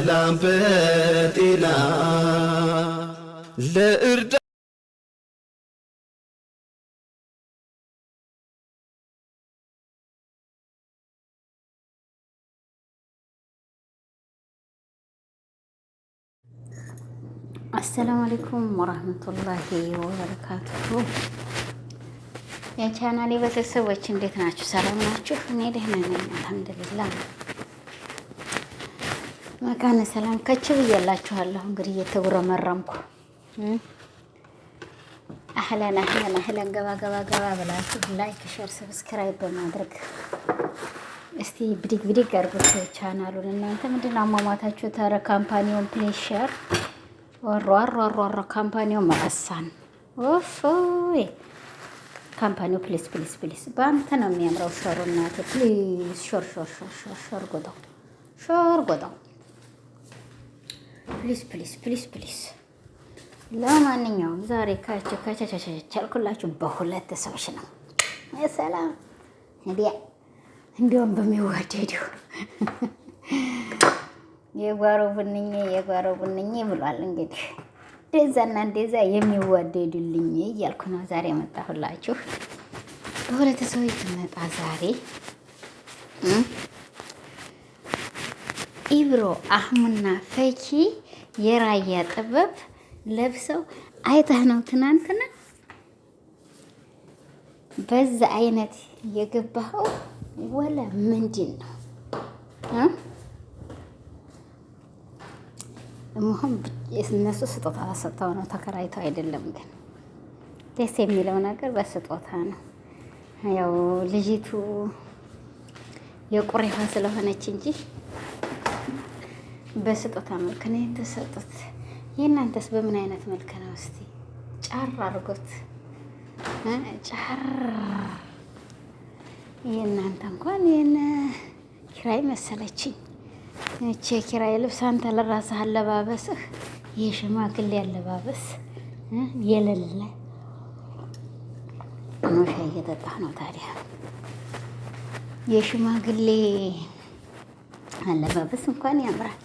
በሰላም በጤና ለእርዳ አሰላሙ አለይኩም ወራህመቱላሂ ወበረካቱሁ። የቻናሌ ቤተሰቦች እንዴት ናችሁ? ሰላም ናችሁ? እኔ ደህና ነኝ፣ አልሐምዱሊላህ መካነ ሰላም ከች ብያላችኋለሁ። እንግዲህ እየተጉረመረምኩ አህለን አህለን አህለን ገባ ገባ ገባ ብላችሁ ላይክ፣ ሼር፣ ሰብስክራይብ በማድረግ እስቲ ብድግ ብድግ አድርጉት ቻናሉን። እናንተ ምንድን ነው አሟሟታችሁ? ተረ ካምፓኒውን ፕሌስ ሸር ወሮ ወሮ ወሮ ካምፓኒውን መቀሳን ኦፎይ ካምፓኒው ፕሊስ ፕሊስ ፕሊስ በአንተ ነው የሚያምረው። ሾሩ እናቴ ፕሊስ ሾር ሾር ሾር ሾር ጎጠው ሾር ጎጠው ፕሊስ ፕሊስ ፕሊስ ፕሊስ። ለማንኛውም ዛሬ ከቻልኩላችሁ በሁለት ሰዎች ነው። ሰላም እንዲያ እንዲያውም በሚዋደዱ የጓሮ ቡንኝ የጓሮ ቡንኝ ብሏል። እንግዲህ እንደዛና እንደዛ የሚዋደዱልኝ እያልኩ ነው ዛሬ መጣሁላችሁ። በሁለት ሰዎች ትመጣ ዛሬ ኢብሮ አህሙና ፈኪ የራያ ጥበብ ለብሰው አይተህ ነው ትናንትና። በዛ አይነት የገባኸው ወላ ምንድን ነው? እሞሆን እነሱ ስጦታ ሰጥተው ነው ተከራይተው አይደለም። ግን ደስ የሚለው ነገር በስጦታ ነው። ያው ልጅቱ የቁሬፋ ስለሆነች እንጂ በስጦታ መልክ ነው የተሰጡት። የእናንተስ በምን አይነት መልክ ነው? እስቲ ጫር አድርጎት ጫር። የእናንተ እንኳን ይህን ኪራይ መሰለችኝ። እቺ የኪራይ ልብስ፣ አንተ ለራስህ አለባበስህ የሽማግሌ አለባበስ የሌለ ኖሻ እየጠጣህ ነው ታዲያ የሽማግሌ አለባበስ እንኳን ያምራል።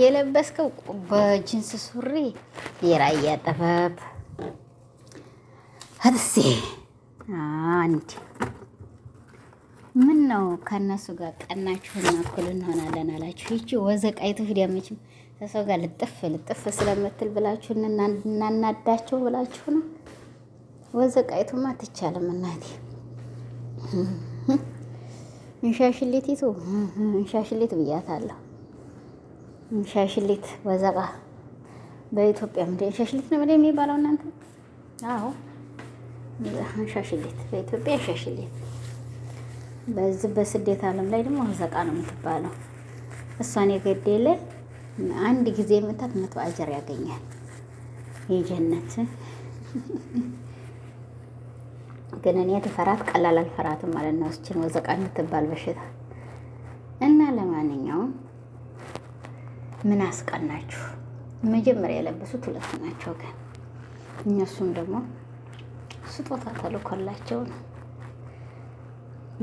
የለበስከው በጅንስ ሱሪ የራያ ጥበብ ህትሴ አንድ ምን ነው ከእነሱ ጋር ቀናችሁና እኩል እንሆናለን አላችሁ። ይቺ ወዘቃይቱ ሂድ ያመችም ከሰው ጋር ልጥፍ ልጥፍ ስለምትል ብላችሁ እናናዳቸው ብላችሁ ነው። ወዘቃይቱማ አትቻልም እናቴ። እንሻሽሌቲቱ እንሻሽሌት ብያታለሁ። ሻሽሊት ወዘቃ በኢትዮጵያ ምድ እንሻሽሊት ነው የሚባለው? እናንተ አዎ፣ እንሻሽሊት በኢትዮጵያ ሻሽሊት በዚህ በስደት ዓለም ላይ ደግሞ ወዘቃ ነው የምትባለው። እሷን የገደለ አንድ ጊዜ የምታት መቶ አጀር ያገኛል የጀነት። ግን እኔ ትፈራት ቀላል አልፈራትም ማለት ነው፣ እስችን ወዘቃ የምትባል በሽታ እና ምን አስቀናችሁ? መጀመሪያ የለበሱት ሁለቱ ናቸው። ግን እነሱም ደግሞ ስጦታ ተልኮላቸው ነው።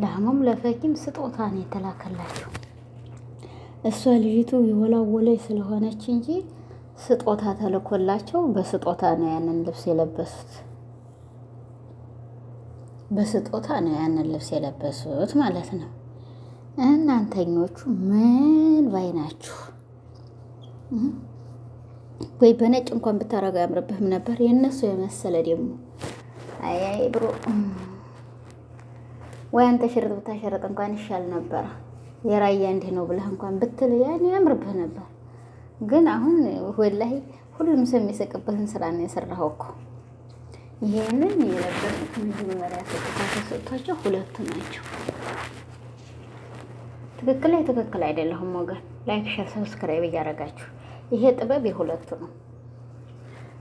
ዳሞም ለፈኪም ስጦታ ነው የተላከላቸው። እሷ ልጅቱ የወላወለች ስለሆነች እንጂ ስጦታ ተልኮላቸው በስጦታ ነው ያንን ልብስ የለበሱት። በስጦታ ነው ያንን ልብስ የለበሱት ማለት ነው። እናንተኞቹ ምን ባይ ናችሁ? ወይ በነጭ እንኳን ብታረገው ያምርብህም ነበር። የእነሱ የመሰለ ደግሞ አይ ብሮ ወይ አንተ ሽርጥ ብታሸርጥ እንኳን ይሻል ነበረ። የራያ እንዲህ ነው ብለህ እንኳን ብትል ያን ያምርብህ ነበር። ግን አሁን ወላሂ ሁሉም ሰው የሚስቅብህን ስራ ነው የሰራኸው እኮ። ይህንን የለበሱት መጀመሪያ ስጦታ ተሰጥቷቸው ሁለቱ ናቸው። ትክክል ላይ ትክክል አይደለሁም ወገን። ላይክ፣ ሸር፣ ሰብስክራይብ እያደረጋችሁ ይሄ ጥበብ የሁለቱ ነው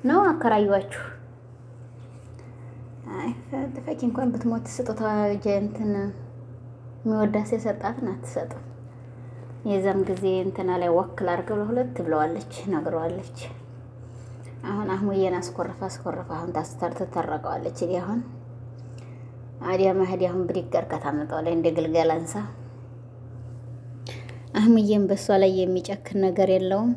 ነው አከራዩዋችሁ ተፈቂ እንኳን ብትሞት ስጦታ እንትን የሚወዳት የሰጣትን አትሰጥም። የዛም ጊዜ እንትና ላይ ወክል አድርገው ለሁለት ብለዋለች፣ ነግረዋለች። አሁን አህሙዬን አስኮረፋ አስኮረፋ አሁን ታስተር ትተረቀዋለች። እዲ አሁን አዲያ ማህዲ አሁን ብድግ ከታመጠው ላይ እንደ ግልገል አንሳ። አህሙዬን በእሷ ላይ የሚጨክን ነገር የለውም።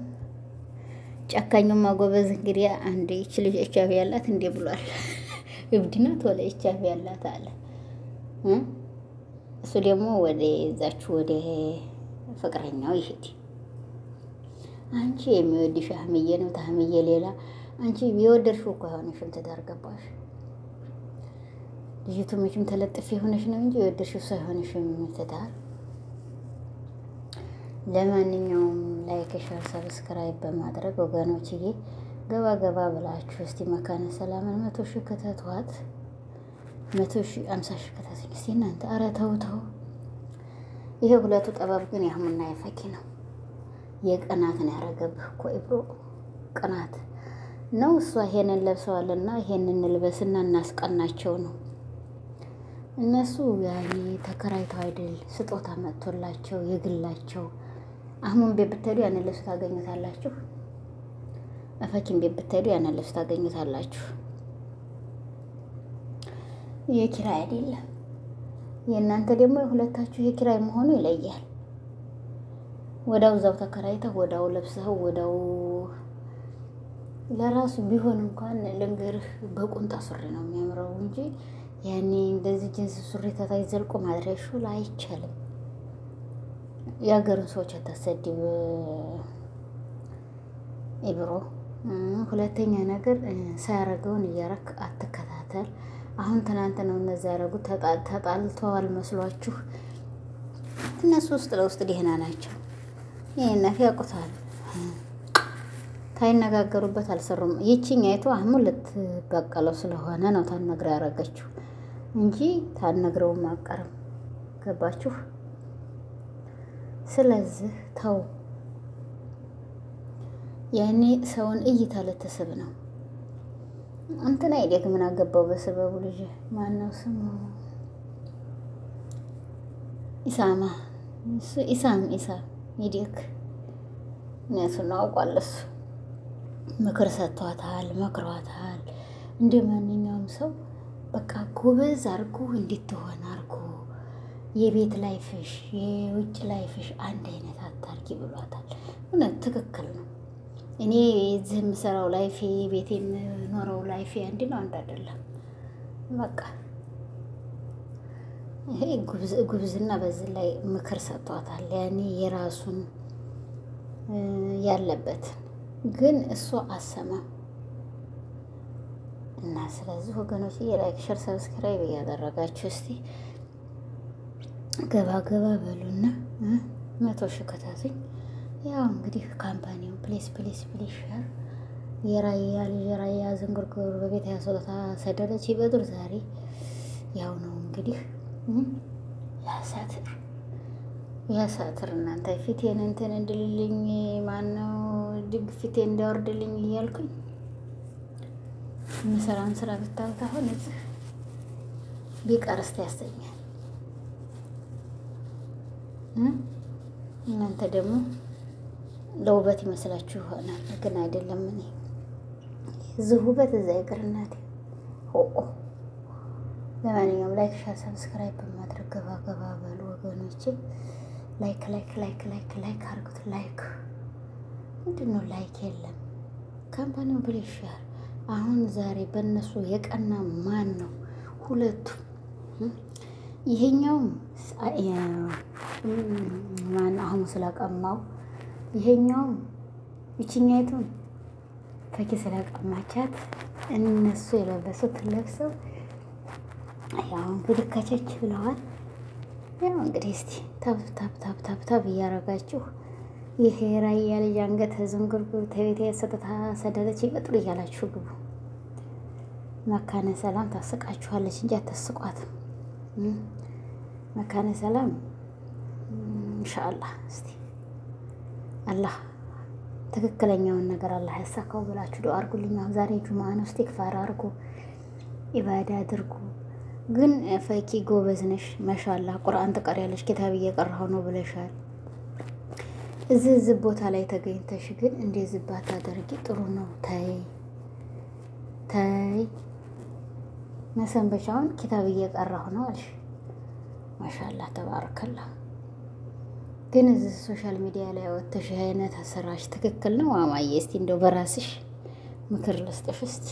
ጨካኙማ ጎበዝ እንግዲህ አንድ ይች ልጅ ኤችአይቪ ያላት እንዴ ብሏል። እብድ ናት ወላ ኤችአይቪ ያላት አለ። እሱ ደግሞ ወደ ዛችሁ ወደ ፍቅረኛው ይሄድ። አንቺ የሚወድሽ አህምዬ ነው ታህምዬ ሌላ። አንቺ የወደድሽው እኮ አይሆንሽም፣ ትዳር ገባሽ። ልጅቱ መቼም ተለጥፍ የሆነሽ ነው እንጂ የወደድሽው ሰው አይሆንሽም ትዳር ለማንኛውም ላይክ፣ ሸር፣ ሰብስክራይብ በማድረግ ወገኖችዬ ገባ ገባ ብላችሁ እስቲ መካነ ሰላምን መቶ ሺህ ከተቷት መቶ ሺህ አምሳ ሺህ ከተቱኝ እስቲ እናንተ። ኧረ ተው ተው። ይሄ ሁለቱ ጠባብ ግን ያህሙና የፈኪ ነው። የቅናት ነው ያረገብህ እኮ ኢብሮ ቅናት ነው። እሷ ይሄንን ለብሰዋልና ይሄንን ልበስና እናስቀናቸው ነው። እነሱ ያኔ ተከራይተው አይደል ስጦታ መጥቶላቸው የግላቸው አህሙን ቤት ብትሄዱ ያንን ልብስ ታገኙታላችሁ። እፈኪን ቤት ብትሄዱ ያንን ልብስ ታገኙታላችሁ። የኪራይ አይደለም የእናንተ ደግሞ የሁለታችሁ የኪራይ መሆኑ ይለያል። ወዳው እዛው ተከራይተህ ወዳው ለብሰው ወዳው ለራሱ ቢሆን እንኳን ልንገርህ በቁንጣ ሱሪ ነው የሚያምረው እንጂ ያኔ እንደዚህ ጅንስ ሱሪ ተታይ ዘልቆ ማድረሹ ላይ አይቻልም። የሀገርን ሰዎች አታሰድብ ኢብሮ። ሁለተኛ ነገር ሳያረገውን እያረክ አትከታተል። አሁን ትናንት ነው እነዚያ ያረጉ ተጣልተዋል መስሏችሁ፣ እነሱ ውስጥ ለውስጥ ደህና ናቸው። ይህን ነፍ ያውቁታል። ታይነጋገሩበት አልሰሩም። ይቺኝ አይቶ አህሙን ልትበቀለው ስለሆነ ነው ታነግረው ያረገችው እንጂ ታነግረውም አቀርም ገባችሁ? ስለዚህ ተው። ያኔ ሰውን እይታ ልትስብ ነው። እንትን አይደግ ምን አገባው በስበቡ ልጅ ማነው ስሙ? ኢሳማ እሱ ኢሳም ኢሳ ይዴክ እነሱን አውቋል። እሱ ምክር ሰጥቷታል፣ መክሯታል። እንደ ማንኛውም ሰው በቃ ጎበዝ አርጎ እንድትሆን አርጎ የቤት ላይፍሽ የውጭ ላይፍሽ አንድ አይነት አታርጊ ብሏታል። እውነት ትክክል ነው። እኔ እዚህ የምሰራው ላይፌ ቤት የምኖረው ላይፌ አንድ ነው፣ አንድ አይደለም። በቃ ይሄ ጉብዝና በዚህ ላይ ምክር ሰጥቷታል። ያኔ የራሱን ያለበትን ግን እሱ አሰማም እና ስለዚህ ወገኖች የላይክ ሸር ሰብስክራይብ እያደረጋችሁ እስቲ ገባ ገባ በሉና መቶ ሺ ከታቱኝ። ያው እንግዲህ ካምፓኒው ፕሌስ ፕሌስ ፕሌስ ሸር የራያ ልጅ የራያ ዝንጉርጉር በቤት ያሶለታ ሰደደች ይበድር ዛሬ ያው ነው እንግዲህ ያሳትር ያሳትር እናንተ ፊቴን እንትን እንድልልኝ ማነው ድግ ፊቴ እንዳወርድልኝ እያልኩኝ የምሰራውን ስራ ብታውት አሁን እዚህ ቢቀር ያሰኛል። እናንተ ደግሞ ለውበት ይመስላችሁ ይሆናል፣ ግን አይደለም። እኔ እዚህ ውበት እዛ ይቅር ለማንኛውም ላይክ፣ ሻር፣ ሰብስክራይብ በማድረግ ገባ ገባ በሉ ወገኖቼ። ላይክ ላይክ ላይክ ላይክ ላይክ አርጉት። ላይክ ምንድን ነው? ላይክ የለም ካምፓኒው ብልሻል። አሁን ዛሬ በእነሱ የቀና ማን ነው? ሁለቱ ይሄኛውም ማን አህሙ ስለቀማው ይሄኛውም ይችኛይቱም ፈኪ ስለቀማቻት እነሱ የለበሱት ለብሰው ያው እንግዲህ ከቸች ብለዋል። ያው እንግዲህ እስቲ ታብ ታብ ታብ ታብ ታብ እያረጋችሁ ይሄ ራያ ልጅ አንገት ዝንጉርጉር ተቤት ያሰጠታ ሰደደች ይቀጥሉ እያላችሁ ግቡ። መካነ ሰላም ታስቃችኋለች እንጂ አታስቋትም። መካነ ሰላም ኢንሻአላህ እስቲ አላህ ትክክለኛውን ነገር አላህ ያሳካው ብላችሁ ዱአ አርጉልኝ። ዛሬ ጁማ ነው። ኢስቲግፋር አርጉ፣ ኢባዳ አድርጉ። ግን ፈኪ ጎበዝ ነሽ፣ ማሻአላህ ቁርአን ትቀሪያለሽ፣ ኪታብ እየቀራሁ ነው ብለሻል። እዚህ እዚህ ቦታ ላይ ተገኝተሽ ግን እንደዚህ ባታደርጊ ጥሩ ነው። ተይ ተይ፣ መሰንበቻውን ኪታብ እየቀራሁ ነው አልሽ። ማሻአላህ ተባረከላህ ግን እዚህ ሶሻል ሚዲያ ላይ ወተሽ አይነት አሰራሽ ትክክል ነው አማዬ? እስቲ እንደው በራስሽ ምክር ልስጥሽ። እስቲ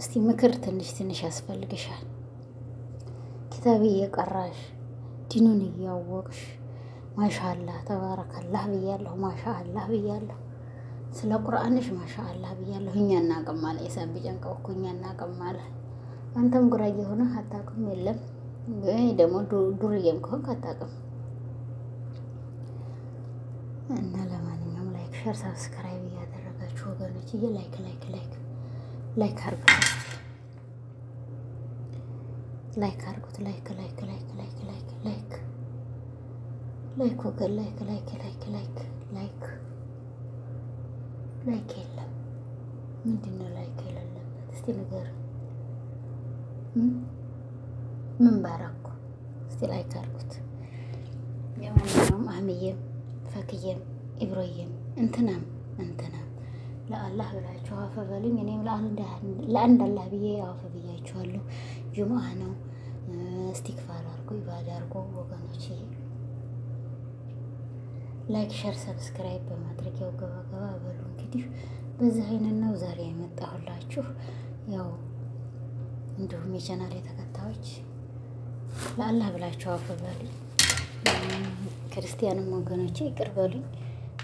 እስቲ ምክር ትንሽ ትንሽ ያስፈልግሻል። ኪታብ እየቀራሽ ዲኑን እያወቅሽ ማሻአላህ ተባረከላህ ብያለሁ። ማሻአላህ ብያለሁ። ስለ ቁርአንሽ ማሻአላህ ብያለሁ። እኛ እናቅም አለ የሳብ ጨንቀው እኮ እኛ እናቅም አለ። አንተም ጉራጌ ሆነህ አታውቅም የለም። ግን ደግሞ ዱርዬም ከሆንክ አታውቅም እና ለማንኛውም ላይክ፣ ሸር፣ ሰብስክራይብ እያደረጋችሁ ወገኖች እየ ላይክ ላይክ ላይክ ላይክ አርጉት፣ ላይክ አርጉት፣ ላይክ ላይክ ላይክ ላይክ ላይክ ላይክ ላይክ ወገን ላይክ ላይክ ላይክ ላይክ ላይክ ላይክ የለም። ምንድን ነው ላይክ የሌለበት? እስቲ ንገር ምን ባረኩ? እስቲ ላይክ አርጉት። የማንኛውም አህምዬም ፈክዬም ኢብሮዬም እንትናም እንትናም ለአላህ ብላችሁ አፈ በሉኝ። እኔም ለአንድ አላህ ብዬ አፈ ብያችኋለሁ። ጅሙዓ ነው። እስቲክፋር አድርጎ ኢባዳ አድርጎ ወገኖች፣ ላይክ፣ ሸር፣ ሰብስክራይብ በማድረግ ያው ገባ ገባ በሉ። እንግዲህ በዚህ አይነት ነው ዛሬ የመጣሁላችሁ። ያው እንዲሁም የቻናል ተከታዮች ለአላህ ብላችሁ አፈ በሉኝ። ክርስቲያንም ወገኖች ይቅር በሉኝ።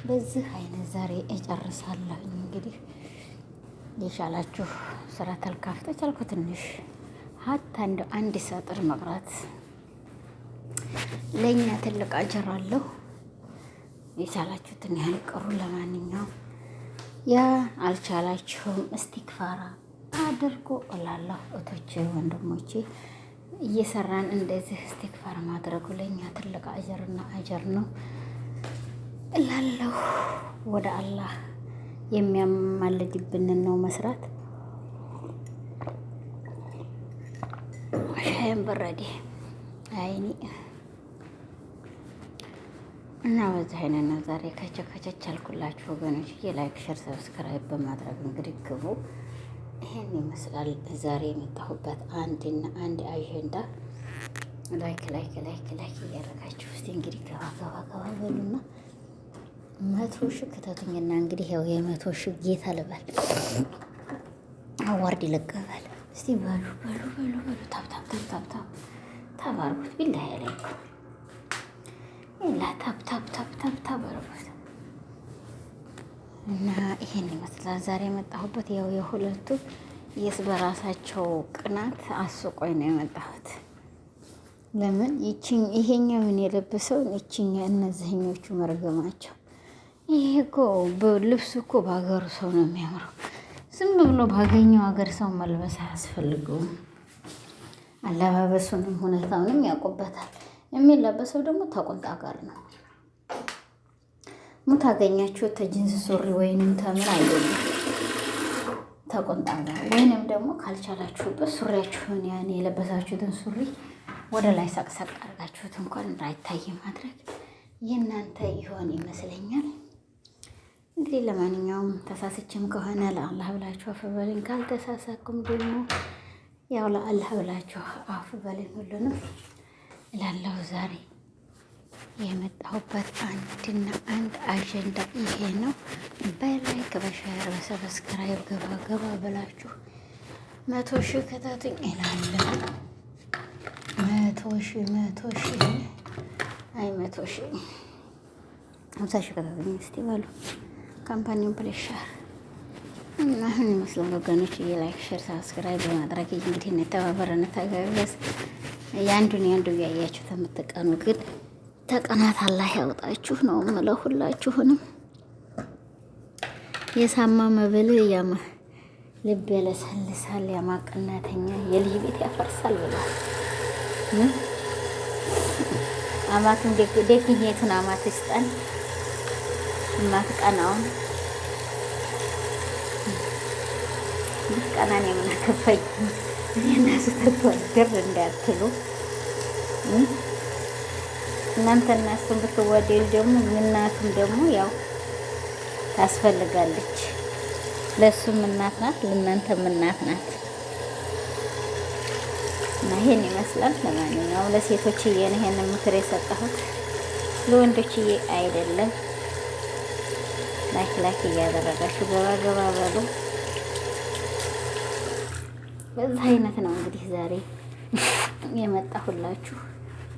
በዚህ አይነት ዛሬ እጨርሳለሁ። እንግዲህ የሻላችሁ ስራ ተልካፍ ተቻልኩ ትንሽ ሀታ እንደ አንድ ሰጥር መቅራት ለእኛ ትልቅ አጀር አለሁ። የቻላችሁትን ያህል ቅሩ። ለማንኛውም ያ አልቻላችሁም እስቲክፋራ አድርጎ እላለሁ። እቶቼ ወንድሞቼ እየሰራን እንደዚህ እስቲክፋር ማድረጉ ለእኛ ትልቅ አጀር አጀር ነው እላለሁ። ወደ አላህ የሚያማልድብንን ነው መስራት። ሻይን በረዴ አይኒ እና በዚህ አይነት ነው ዛሬ ከቸከቸች አልኩላችሁ ወገኖች። የላይክ ሸር፣ ሰብስክራይብ በማድረግ እንግዲህ ግቡ። ይሄን ይመስላል ዛሬ የመጣሁበት አንድና አንድ አጀንዳ። ላይክ ላይክ ላይክ ላይክ እያደረጋችሁ እስቲ እንግዲህ ገባ ገባ ገባ በሉና መቶ ሺ ክተቱኝና እንግዲህ ያው የመቶ ሺ ጌታ ልበል አዋርድ ይለቀባል። እስቲ በሉ በሉ በሉ በሉ ታብታብ ታብታብ ታብ አርጉት። ቢላ ያለኩ ላ ታብታብ ታብታብ ታብ አርጉት እና ይሄን ይመስላል ዛሬ የመጣሁበት ያው የሁለቱ የስ በራሳቸው ቅናት አስቆኝ ነው የመጣሁት። ለምን ምን የለበሰውን ይችኛ እነዚህኞቹ መርገማቸው። ይሄ እኮ ልብሱ እኮ በሀገሩ ሰው ነው የሚያምረው። ዝም ብሎ ባገኘው ሀገር ሰው መልበስ አያስፈልገውም። አለባበሱንም ሁኔታውንም ያውቁበታል። የሚለበሰው ደግሞ ተቆንጣ ጋር ነው። የምታገኛቸው ተጅንስ ሱሪ ወይንም ተምር አይደለም ተቆንጣ ጋር ወይንም ደግሞ ካልቻላችሁበት ሱሪያችሁን ያን የለበሳችሁትን ሱሪ ወደ ላይ ሰቅሰቅ አድርጋችሁት እንኳን እንዳይታይ ማድረግ የእናንተ ይሆን ይመስለኛል። እንግዲህ ለማንኛውም ተሳስችም ከሆነ ለአላህ ብላችሁ አፍ በሉኝ፣ ካልተሳሳኩም ደግሞ ያው ለአላህ ብላችሁ አፍ በሉኝ ሁሉንም እላለሁ። ዛሬ የመጣሁበት አንድና አንድ አጀንዳ ይሄ ነው። በላይክ በሸር በሰብስክራይብ ገባ ገባ ብላችሁ መቶ ሺህ ከታቱኝ እላለሁ። መቶ ሺ መቶ ሺ አይ መቶ ሺ ሀምሳ ሺ ከታተኝ እስቲ ባሉ ካምፓኒውን ፕሬሸር እና አሁን ይመስላል ወገኖች፣ የላይክ ሼር ሳብስክራይብ በማድረግ እንግዲህ እንተባበር እንተጋገዝ። የአንዱን የአንዱ እያያችሁ ተምትቀኑ ግን ተቀናት አላህ ያውጣችሁ ነው የምለው። ሁላችሁንም የሳማ መብል ያማ ልብ ያለሰልሳል፣ ያማ ቀናተኛ የልጅ ቤት ያፈርሳል ብሏል። አማቱን ደግኘቱን አማት ይስጠን። ቀናን እንዳትሉ እናንተ እናሱን ብትወደዱ ደግሞ እናቱም ደግሞ ያው ታስፈልጋለች። ለእሱም እናት ናት፣ ለእናንተም እናት ናት። እና ይሄን ይመስላል። ለማንኛውም ለሴቶችዬ ነው ይሄን ምክር የሰጠሁት ለወንዶችዬ አይደለም። ላይክ ላይክ እያደረጋችሁ ገባ ገባ በሉ። በዛ አይነት ነው እንግዲህ ዛሬ የመጣሁላችሁ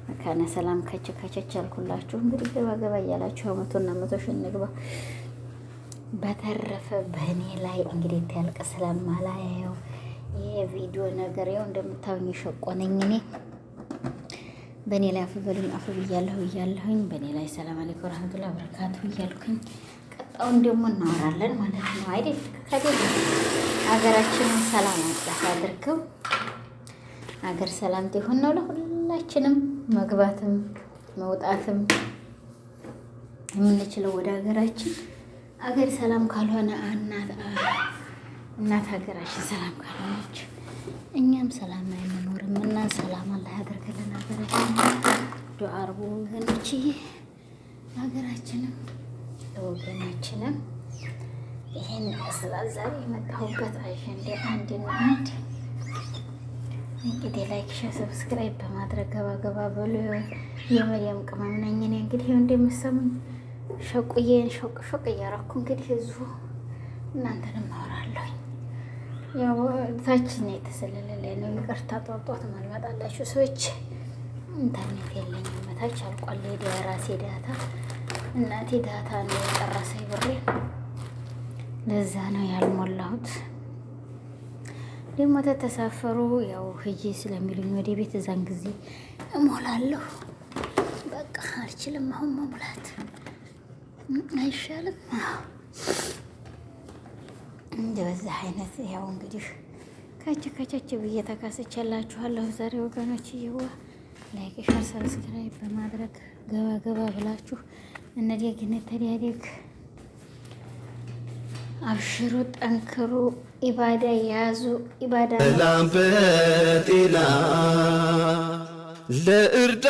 መካነ ሰላም ከች ከቸች ያልኩላችሁ እንግዲህ ገባ ገባ እያላችሁ መቶና መቶ ሺህ እንግባ። በተረፈ በእኔ ላይ እንግዲህ ያልቅ ስለማላየው ይሄ ቪዲዮ ነገር ያው እንደምታዩኝ የሸቆነኝ እኔ በእኔ ላይ አፍ በሉኝ አፍ ብያለሁ እያለሁኝ በእኔ ላይ ሰላም አለይኩም ረህመቱላ በረካቱ እያልኩኝ ቀጣውን ደግሞ እናወራለን ማለት ነው አይደል? ከደ ሀገራችንን ሰላም አጥላት አድርገው ሀገር ሰላም ትሆን ነው ለሁላችንም መግባትም መውጣትም የምንችለው ወደ ሀገራችን። አገር ሰላም ካልሆነ አናት እናት ሀገራችን ሰላም ካልሆነች እኛም ሰላም አይመኖርም እና ሰላም አላህ ያደርግልን። ሀገራችን ወገኖች፣ ሀገራችንም ለወገናችንም ይህን ዛሬ የመጣሁበት አጀንዳ አንድና አንድ እንግዲህ ላይክ፣ ሸር፣ ሰብስክራይብ በማድረግ በሉ። ቅመም ነኝ እኔ እንግዲህ እንደምሰሙኝ ሸቁዬን እያረኩ እንግዲህ እዚሁ እናንተንም አወራለሁ። ያው ታችን የተሰለለለ ነው። ይቅርታ ጧጧት ማልመጣላችሁ ሰዎች ኢንተርኔት የለኝም። መታች አልቋል። ሄደ የራሴ ዳታ እናቴ ዳታ ነው የጨረሰኝ ብሬ። ለዛ ነው ያልሞላሁት። ደግሞ ተተሳፈሩ ያው ህጂ ስለሚሉኝ ወደ ቤት እዛን ጊዜ እሞላለሁ። በቃ አልችልም አሁን መሙላት አይሻልም? እንደ በዛ አይነት ያው እንግዲህ ከች ከቸች ብዬ ተካስቼላችኋለሁ ዛሬ ወገኖች፣ ይዋ ላይክ፣ ሸር፣ ሰብስክራይብ በማድረግ ገባ ገባ ብላችሁ እነዴግ እንተዳደግ። አብሽሩ፣ ጠንክሩ፣ ኢባዳ ያዙ። ኢባዳ ላምበጤላ ለእርዳ